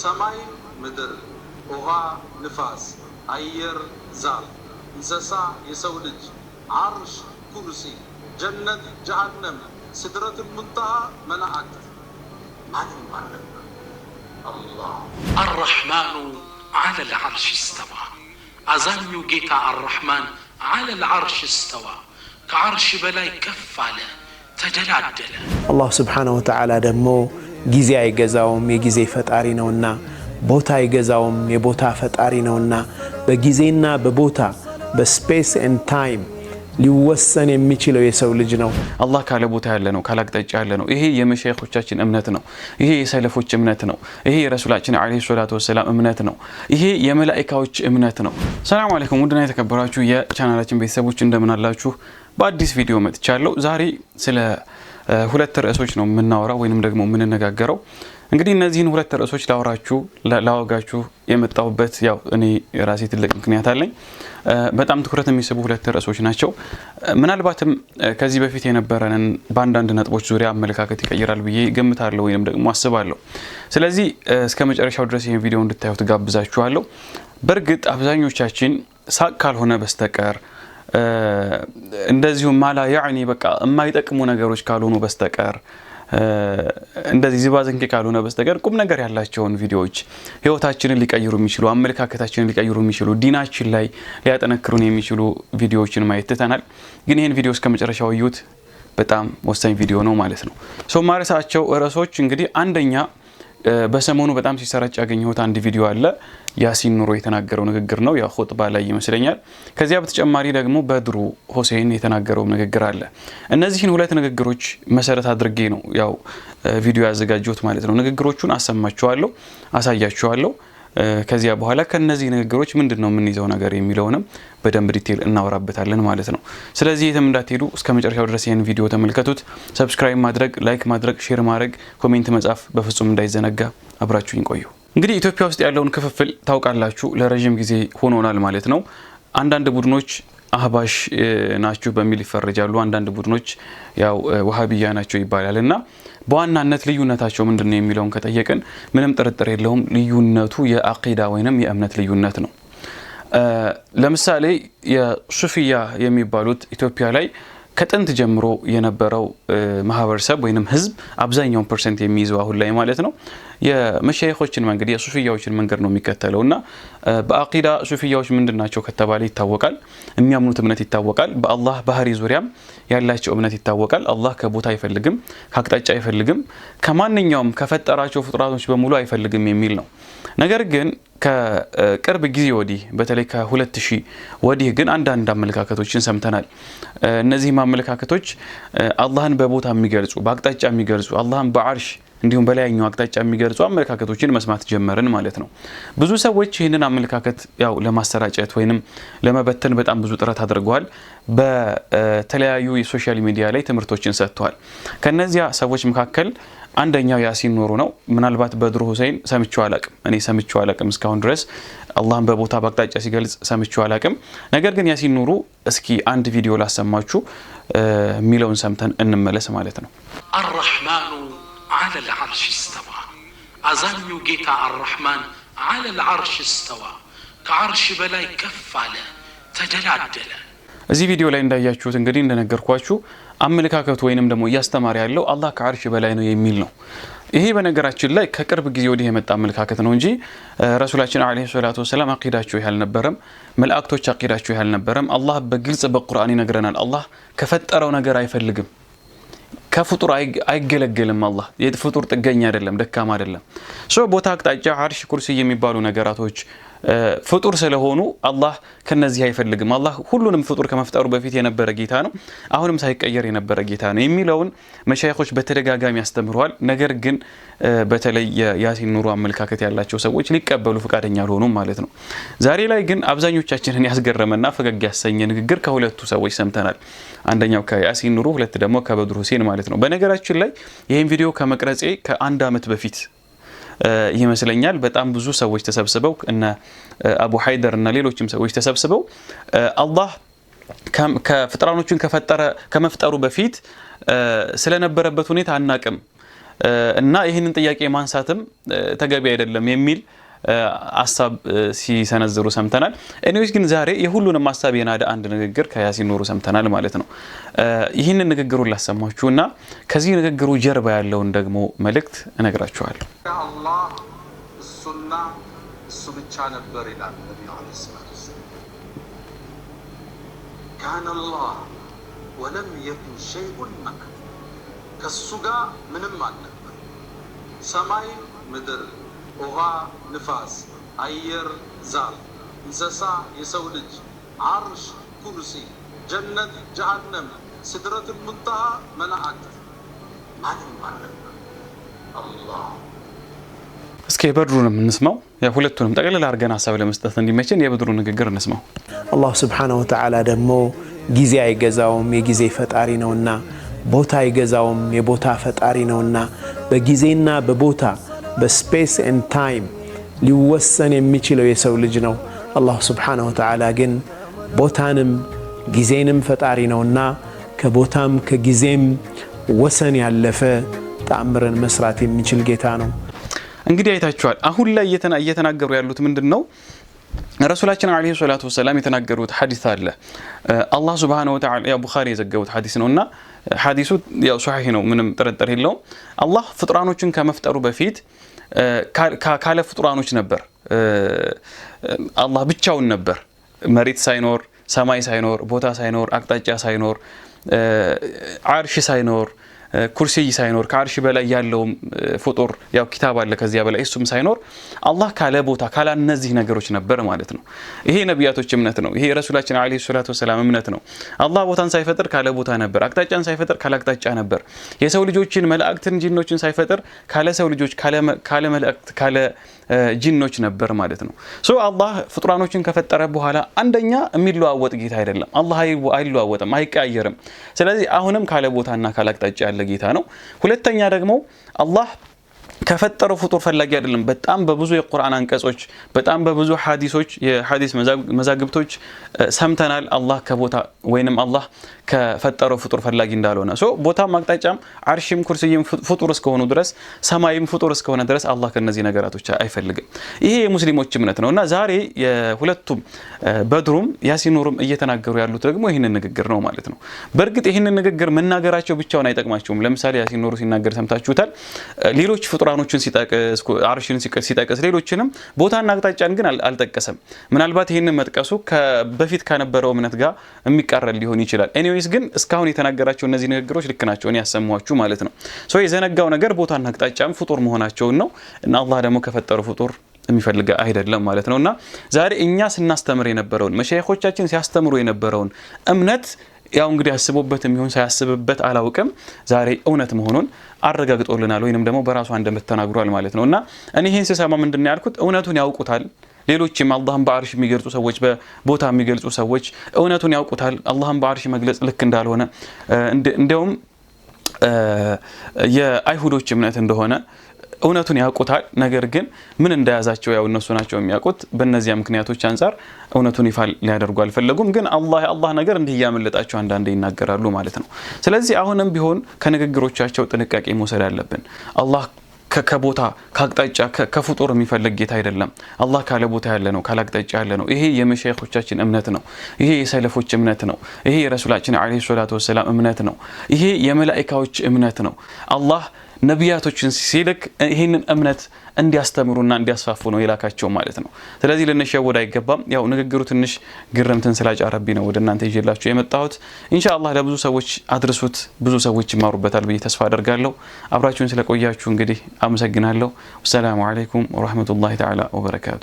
ሰማይ ምድር፣ ውሃ፣ ንፋስ፣ አየር፣ ዛፍ፣ እንስሳ፣ የሰው ልጅ፣ ዓርሽ፣ ኩርሲ፣ ጀነት፣ ጀሃነም፣ ስድረት ሙንተሃ፣ መላእክት ማን ይባላል? አላህ አርራህማኑ አለ ልዓርሽ እስተዋ አዛኙ ጌታ አርራህማን አለ ልዓርሽ እስተዋ ከዓርሽ በላይ ከፍ አለ ተደላደለ። አላህ ስብሓነ ወተዓላ ደግሞ ጊዜ አይገዛውም፣ የጊዜ ፈጣሪ ነውና፣ ቦታ አይገዛውም፣ የቦታ ፈጣሪ ነውና፣ በጊዜና በቦታ በስፔስ ኤንድ ታይም ሊወሰን የሚችለው የሰው ልጅ ነው። አላህ ካለ ቦታ ያለ ነው፣ ካለ አቅጣጫ ያለ ነው። ይሄ የመሸይኾቻችን እምነት ነው። ይሄ የሰለፎች እምነት ነው። ይሄ የረሱላችን ዓለይሂ ሰላቱ ወሰላም እምነት ነው። ይሄ የመላኢካዎች እምነት ነው። ሰላም አለይኩም ውድና የተከበራችሁ የቻናላችን ቤተሰቦች እንደምን አላችሁ? በአዲስ ቪዲዮ መጥቻለሁ። ዛሬ ስለ ሁለት ርዕሶች ነው የምናወራው ወይንም ደግሞ የምንነጋገረው። እንግዲህ እነዚህን ሁለት ርዕሶች ላወራችሁ ላወጋችሁ የመጣሁበት ያው እኔ ራሴ ትልቅ ምክንያት አለኝ። በጣም ትኩረት የሚስቡ ሁለት ርዕሶች ናቸው። ምናልባትም ከዚህ በፊት የነበረንን በአንዳንድ ነጥቦች ዙሪያ አመለካከት ይቀይራል ብዬ ገምታለሁ ወይም ደግሞ አስባለሁ። ስለዚህ እስከ መጨረሻው ድረስ ይህን ቪዲዮ እንድታዩት ጋብዛችኋለሁ። በእርግጥ አብዛኞቻችን ሳቅ ካልሆነ በስተቀር እንደዚሁም ማላ ያዕኒ በቃ የማይጠቅሙ ነገሮች ካልሆኑ በስተቀር እንደዚህ ዝባዝንኬ ካልሆነ በስተቀር ቁም ነገር ያላቸውን ቪዲዮዎች ህይወታችንን ሊቀይሩ የሚችሉ አመለካከታችንን ሊቀይሩ የሚችሉ ዲናችን ላይ ሊያጠነክሩን የሚችሉ ቪዲዮዎችን ማየት ትተናል። ግን ይህን ቪዲዮ እስከ መጨረሻው እዩት። በጣም ወሳኝ ቪዲዮ ነው ማለት ነው። ሰው ማረሳቸው ርዕሶች እንግዲህ አንደኛ በሰሞኑ በጣም ሲሰራጭ ያገኘሁት አንድ ቪዲዮ አለ። ያሲን ኑሮ የተናገረው ንግግር ነው። ያው ኹጥባ ላይ ይመስለኛል። ከዚያ በተጨማሪ ደግሞ በድሩ ሁሴን የተናገረው ንግግር አለ። እነዚህን ሁለት ንግግሮች መሰረት አድርጌ ነው ያው ቪዲዮ ያዘጋጀሁት ማለት ነው። ንግግሮቹን አሰማችኋለሁ፣ አሳያችኋለሁ። ከዚያ በኋላ ከነዚህ ንግግሮች ምንድን ነው የምንይዘው ነገር የሚለውንም በደንብ ዲቴል እናወራበታለን ማለት ነው። ስለዚህ የትም እንዳትሄዱ እስከ መጨረሻው ድረስ ይህን ቪዲዮ ተመልከቱት። ሰብስክራይብ ማድረግ፣ ላይክ ማድረግ፣ ሼር ማድረግ፣ ኮሜንት መጻፍ በፍጹም እንዳይዘነጋ። አብራችሁኝ ቆዩ። እንግዲህ ኢትዮጵያ ውስጥ ያለውን ክፍፍል ታውቃላችሁ። ለረዥም ጊዜ ሆኖናል ማለት ነው። አንዳንድ ቡድኖች አህባሽ ናችሁ በሚል ይፈረጃሉ። አንዳንድ ቡድኖች ያው ውሃብያ ናቸው ይባላል እና በዋናነት ልዩነታቸው ምንድን ነው የሚለውን ከጠየቅን ምንም ጥርጥር የለውም ልዩነቱ የአቂዳ ወይንም የእምነት ልዩነት ነው። ለምሳሌ የሱፊያ የሚባሉት ኢትዮጵያ ላይ ከጥንት ጀምሮ የነበረው ማህበረሰብ ወይም ህዝብ አብዛኛውን ፐርሰንት የሚይዘው አሁን ላይ ማለት ነው የመሸይኾችን መንገድ የሱፍያዎችን መንገድ ነው የሚከተለው እና በአቂዳ ሱፍያዎች ምንድን ናቸው ከተባለ ይታወቃል። የሚያምኑት እምነት ይታወቃል። በአላህ ባህሪ ዙሪያም ያላቸው እምነት ይታወቃል። አላህ ከቦታ አይፈልግም፣ ከአቅጣጫ አይፈልግም፣ ከማንኛውም ከፈጠራቸው ፍጡራቶች በሙሉ አይፈልግም የሚል ነው ነገር ግን ከቅርብ ጊዜ ወዲህ በተለይ ከሁለት ሺህ ወዲህ ግን አንዳንድ አመለካከቶችን ሰምተናል። እነዚህም አመለካከቶች አላህን በቦታ የሚገልጹ በአቅጣጫ የሚገልጹ አላህን በአርሽ እንዲሁም በላይኛው አቅጣጫ የሚገልጹ አመለካከቶችን መስማት ጀመርን ማለት ነው። ብዙ ሰዎች ይህንን አመለካከት ያው ለማሰራጨት ወይንም ለመበተን በጣም ብዙ ጥረት አድርገዋል። በተለያዩ የሶሻል ሚዲያ ላይ ትምህርቶችን ሰጥተዋል። ከነዚያ ሰዎች መካከል አንደኛው ያሲን ኑሩ ነው። ምናልባት በድሩ ሁሴን ሰምቼው አላቅም፣ እኔ ሰምቼው አላቅም እስካሁን ድረስ አላህን በቦታ በአቅጣጫ ሲገልጽ ሰምቼው አላቅም። ነገር ግን ያሲን ኑሩ እስኪ አንድ ቪዲዮ ላሰማችሁ የሚለውን ሰምተን እንመለስ ማለት ነው። አራህማኑ አለል አርሽ ስተዋ፣ አዛኙ ጌታ አራህማን አለል አርሽ ስተዋ፣ ከአርሽ በላይ ከፍ አለ፣ ተደላደለ። እዚህ ቪዲዮ ላይ እንዳያችሁት እንግዲህ እንደነገርኳችሁ አመለካከቱ ወይንም ደግሞ እያስተማረ ያለው አላህ ከአርሽ በላይ ነው የሚል ነው። ይሄ በነገራችን ላይ ከቅርብ ጊዜ ወዲህ የመጣ አመለካከት ነው እንጂ ረሱላችን ዓለይሂ ሰላቱ ወሰላም አቂዳቸው ይህ አልነበረም። መላእክቶች አቂዳቸው ይህ አልነበረም። አላህ በግልጽ በቁርአን ይነግረናል። አላህ ከፈጠረው ነገር አይፈልግም። ከፍጡር አይገለገልም። አላህ የፍጡር ጥገኛ አይደለም፣ ደካማ አይደለም። ሶ ቦታ፣ አቅጣጫ፣ አርሽ፣ ኩርሲ የሚባሉ ነገራቶች ፍጡር ስለሆኑ አላህ ከነዚህ አይፈልግም። አላህ ሁሉንም ፍጡር ከመፍጠሩ በፊት የነበረ ጌታ ነው፣ አሁንም ሳይቀየር የነበረ ጌታ ነው የሚለውን መሻይኮች በተደጋጋሚ ያስተምረዋል። ነገር ግን በተለይ የያሲን ኑሩ አመለካከት ያላቸው ሰዎች ሊቀበሉ ፈቃደኛ አልሆኑም ማለት ነው። ዛሬ ላይ ግን አብዛኞቻችንን ያስገረመና ፈገግ ያሰኘ ንግግር ከሁለቱ ሰዎች ሰምተናል። አንደኛው ከያሲን ኑሩ፣ ሁለት ደግሞ ከበድሩ ሁሴን ማለት ነው። በነገራችን ላይ ይህን ቪዲዮ ከመቅረጼ ከአንድ አመት በፊት ይመስለኛል በጣም ብዙ ሰዎች ተሰብስበው እነ አቡ ሀይደር እና ሌሎችም ሰዎች ተሰብስበው አላህ ከፍጥራኖቹን ከመፍጠሩ በፊት ስለነበረበት ሁኔታ አናቅም እና ይህንን ጥያቄ ማንሳትም ተገቢ አይደለም የሚል አሳብ ሲሰነዝሩ ሰምተናል። እኔዎች ግን ዛሬ የሁሉንም ሀሳብ የናደ አንድ ንግግር ከያሲን ኑሩ ሰምተናል ማለት ነው። ይህንን ንግግሩን ላሰማችሁ እና ከዚህ ንግግሩ ጀርባ ያለውን ደግሞ መልእክት እነግራችኋል። አላህ እሱና እሱ ብቻ ነበር ይላል ካነ አላህ ወለም የኩን ሸይኡን መከ ከእሱ ጋር ምንም አልነበር ሰማይ ምድር ውሃ፣ ንፋስ፣ አየር፣ ዛፍ፣ እንስሳ፣ የሰው ልጅ፣ አርሽ፣ ኩርሲ፣ ጀነት፣ ጀሃነም፣ ስድረት ሙንተሃ፣ መላእክት ማንም አላህ እስኪ የበድሩንም እንስማው ሁለቱንም ጠቅልል አድርገን ሀሳብ ለመስጠት እንዲመችን የበድሩ ንግግር እንስማው። አላሁ ስብሓነሁ ወተዓላ ደግሞ ጊዜ አይገዛውም የጊዜ ፈጣሪ ነውና፣ ቦታ አይገዛውም የቦታ ፈጣሪ ነውና በጊዜና በቦታ በስፔስ ኤንድ ታይም ሊወሰን የሚችለው የሰው ልጅ ነው። አላሁ ስብሓነሁ ወተዓላ ግን ቦታንም ጊዜንም ፈጣሪ ነውና ከቦታም ከጊዜም ወሰን ያለፈ ተአምርን መስራት የሚችል ጌታ ነው። እንግዲህ አይታችኋል። አሁን ላይ እየተናገሩ ያሉት ምንድን ነው? ረሱላችን ዓለይሂ ሰላቱ ወሰላም የተናገሩት ሐዲስ አለ። አላህ ሱብሓነሁ ወተዓላ ያው ቡኻሪ የዘገቡት ሐዲስ ነውና ሐዲሱ ያው ሷሂህ ነው፣ ምንም ጥርጥር የለውም። አላህ ፍጡራኖችን ከመፍጠሩ በፊት ካለ ፍጡራኖች ነበር። አላህ ብቻውን ነበር፣ መሬት ሳይኖር፣ ሰማይ ሳይኖር፣ ቦታ ሳይኖር፣ አቅጣጫ ሳይኖር፣ አርሽ ሳይኖር ኩርሲይ ሳይኖር ከአርሽ በላይ ያለውም ፍጡር ያው ኪታብ አለ ከዚያ በላይ እሱም ሳይኖር አላህ ካለ ቦታ ካላ እነዚህ ነገሮች ነበር ማለት ነው። ይሄ ነቢያቶች እምነት ነው። ይሄ ረሱላችን ዓለይሂ ሰላቱ ወሰላም እምነት ነው። አላህ ቦታን ሳይፈጥር ካለ ቦታ ነበር። አቅጣጫን ሳይፈጥር ካለ አቅጣጫ ነበር። የሰው ልጆችን መላእክትን፣ ጂኖችን ሳይፈጥር ካለ ሰው ልጆች ካለ መላእክት ካለ ጂኖች ነበር ማለት ነው። ሶ አላህ ፍጡራኖችን ከፈጠረ በኋላ አንደኛ የሚለዋወጥ ጌታ አይደለም። አላህ አይለዋወጥም፣ አይቀያየርም። ስለዚህ አሁንም ካለ ቦታና ካለ አቅጣጫ ያለ ጌታ ነው። ሁለተኛ ደግሞ አላህ ከፈጠረው ፍጡር ፈላጊ አይደለም። በጣም በብዙ የቁርአን አንቀጾች በጣም በብዙ ሀዲሶች የሀዲስ መዛግብቶች ሰምተናል፣ አላህ ከቦታ ወይንም አላህ ከፈጠረው ፍጡር ፈላጊ እንዳልሆነ። ሶ ቦታም አቅጣጫም አርሽም ኩርስይም ፍጡር እስከሆኑ ድረስ ሰማይም ፍጡር እስከሆነ ድረስ አላህ ከነዚህ ነገራቶች አይፈልግም። ይሄ የሙስሊሞች እምነት ነው እና ዛሬ የሁለቱም በድሩም ያሲኑሩም እየተናገሩ ያሉት ደግሞ ይህንን ንግግር ነው ማለት ነው። በእርግጥ ይህንን ንግግር መናገራቸው ብቻውን አይጠቅማቸውም። ለምሳሌ ያሲኑሩ ሲናገር ሰምታችሁታል። ሌሎች ፍጡራ ቁርአኖችን ሲጠቅስ አርሽን ሲጠቅስ ሌሎችንም ቦታና አቅጣጫን ግን አልጠቀሰም። ምናልባት ይህንን መጥቀሱ በፊት ከነበረው እምነት ጋር የሚቃረን ሊሆን ይችላል። ኤኒዌይስ ግን እስካሁን የተናገራቸው እነዚህ ንግግሮች ልክ ናቸው፣ እኔ ያሰማኋችሁ ማለት ነው። ሶ የዘነጋው ነገር ቦታና አቅጣጫም ፍጡር መሆናቸውን ነው እና አላህ ደግሞ ከፈጠሩ ፍጡር የሚፈልገ አይደለም ማለት ነው እና ዛሬ እኛ ስናስተምር የነበረውን መሸይኾቻችን ሲያስተምሩ የነበረውን እምነት ያው እንግዲህ አስቦበት የሚሆን ሳያስብበት አላውቅም፣ ዛሬ እውነት መሆኑን አረጋግጦልናል ወይንም ደግሞ በራሷ እንደምት ተናግሯል ማለት ነው። እና እኔ ይህን ስሰማ ምንድን ያልኩት እውነቱን ያውቁታል ሌሎችም አላህን በአርሽ የሚገልጹ ሰዎች በቦታ የሚገልጹ ሰዎች እውነቱን ያውቁታል። አላህን በአርሽ መግለጽ ልክ እንዳልሆነ እንዲያውም የአይሁዶች እምነት እንደሆነ እውነቱን ያውቁታል። ነገር ግን ምን እንደያዛቸው ያው እነሱ ናቸው የሚያውቁት። በእነዚያ ምክንያቶች አንጻር እውነቱን ይፋ ሊያደርጉ አልፈለጉም። ግን አላህ የአላህ ነገር እንዲህ እያመለጣቸው አንዳንዴ ይናገራሉ ማለት ነው። ስለዚህ አሁንም ቢሆን ከንግግሮቻቸው ጥንቃቄ መውሰድ አለብን። አላህ ከቦታ ከአቅጣጫ ከፍጡር የሚፈልግ ጌታ አይደለም። አላህ ካለ ቦታ ያለ ነው፣ ካለ አቅጣጫ ያለ ነው። ይሄ የመሻይኮቻችን እምነት ነው። ይሄ የሰለፎች እምነት ነው። ይሄ የረሱላችን ዓለይሂ ሰላቱ ወሰላም እምነት ነው። ይሄ የመላኢካዎች እምነት ነው። አላህ ነቢያቶችን ሲልክ ይህንን እምነት እንዲያስተምሩና እንዲያስፋፉ ነው የላካቸው ማለት ነው። ስለዚህ ልንሸወድ አይገባም። ያው ንግግሩ ትንሽ ግርምትን ስላጫረብኝ ነው ወደ እናንተ ይዤላችሁ የመጣሁት። አላህ ለብዙ ሰዎች አድርሱት፣ ብዙ ሰዎች ይማሩበታል ብዬ ተስፋ አደርጋለሁ። አብራችሁን ስለቆያችሁ እንግዲህ አመሰግናለሁ። ወሰላሙ አለይኩም ወረህመቱላሂ ተዓላ ወበረካቱ።